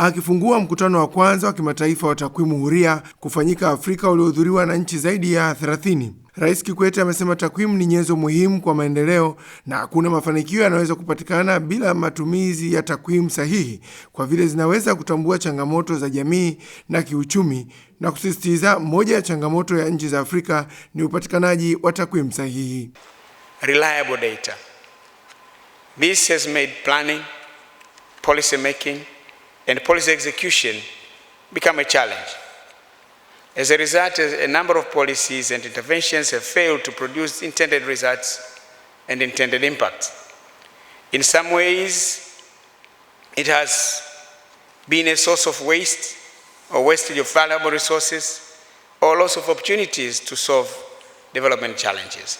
Akifungua mkutano wa kwanza wa kimataifa wa takwimu huria kufanyika Afrika uliohudhuriwa na nchi zaidi ya 30, Rais Kikwete amesema takwimu ni nyenzo muhimu kwa maendeleo na hakuna mafanikio yanaweza kupatikana bila matumizi ya takwimu sahihi, kwa vile zinaweza kutambua changamoto za jamii na kiuchumi, na kusisitiza moja ya changamoto ya nchi za Afrika ni upatikanaji wa takwimu sahihi. Reliable data. This has made planning, policy making and policy execution become a challenge. As a result, a number of policies and interventions have failed to produce intended results and intended impacts. In some ways, it has been a source of waste or wastage of valuable resources or loss of opportunities to solve development challenges.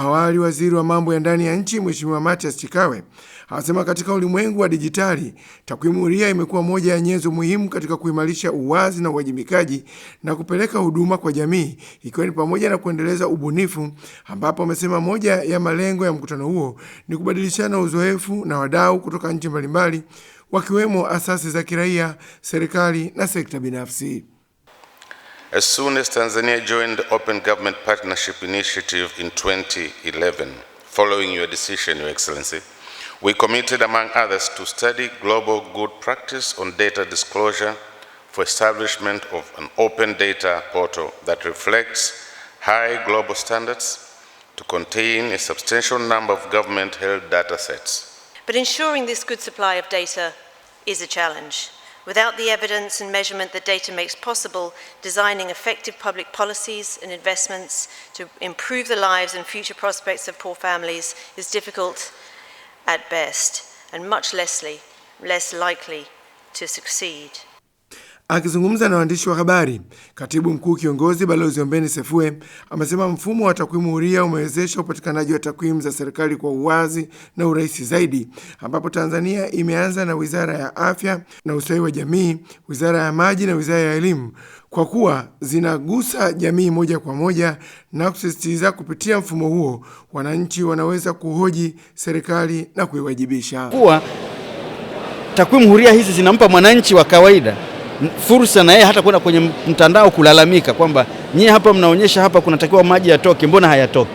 Awali waziri wa mambo ya ndani ya nchi Mheshimiwa Mathias Chikawe anasema katika ulimwengu wa dijitali, takwimu huria imekuwa moja ya nyenzo muhimu katika kuimarisha uwazi na uwajibikaji na kupeleka huduma kwa jamii, ikiwa ni pamoja na kuendeleza ubunifu, ambapo amesema moja ya malengo ya mkutano huo ni kubadilishana uzoefu na wadau kutoka nchi mbalimbali, wakiwemo asasi za kiraia, serikali na sekta binafsi. As soon as Tanzania joined the Open Government Partnership Initiative in 2011, following your decision, Your Excellency, we committed, among others, to study global good practice on data disclosure for establishment of an open data portal that reflects high global standards to contain a substantial number of government-held data sets. But ensuring this good supply of data is a challenge. Without the evidence and measurement that data makes possible, designing effective public policies and investments to improve the lives and future prospects of poor families is difficult at best and much less likely to succeed. Akizungumza na waandishi wa habari, katibu mkuu kiongozi Balozi Ombeni Sefue amesema mfumo wa takwimu huria umewezesha upatikanaji wa takwimu za serikali kwa uwazi na urahisi zaidi, ambapo Tanzania imeanza na Wizara ya Afya na Ustawi wa Jamii, Wizara ya Maji na Wizara ya Elimu kwa kuwa zinagusa jamii moja kwa moja, na kusisitiza kupitia mfumo huo wananchi wanaweza kuhoji serikali na kuiwajibisha. Kuwa takwimu huria hizi zinampa mwananchi wa kawaida fursa na yeye hata kwenda kwenye mtandao kulalamika kwamba nyie hapa mnaonyesha hapa kunatakiwa maji yatoke, mbona hayatoki?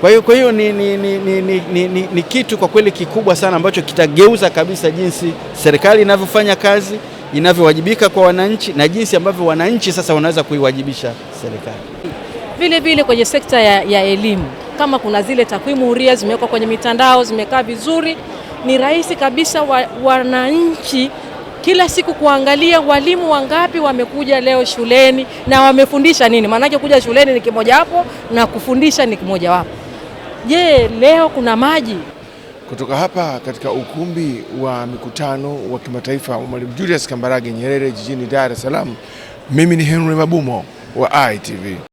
Kwa hiyo kwa hiyo ni, ni, ni, ni, ni, ni, ni, ni kitu kwa kweli kikubwa sana ambacho kitageuza kabisa jinsi serikali inavyofanya kazi, inavyowajibika kwa wananchi na jinsi ambavyo wananchi sasa wanaweza kuiwajibisha serikali. Vile vile kwenye sekta ya, ya elimu kama kuna zile takwimu huria zimewekwa kwenye mitandao zimekaa vizuri, ni rahisi kabisa wananchi kila siku kuangalia walimu wangapi wamekuja leo shuleni na wamefundisha nini, maanake kuja shuleni ni kimojawapo na kufundisha ni kimojawapo. Je, leo kuna maji? Kutoka hapa katika ukumbi wa mikutano wa kimataifa wa Mwalimu Julius Kambarage Nyerere jijini Dar es Salaam, mimi ni Henry Mabumo wa ITV.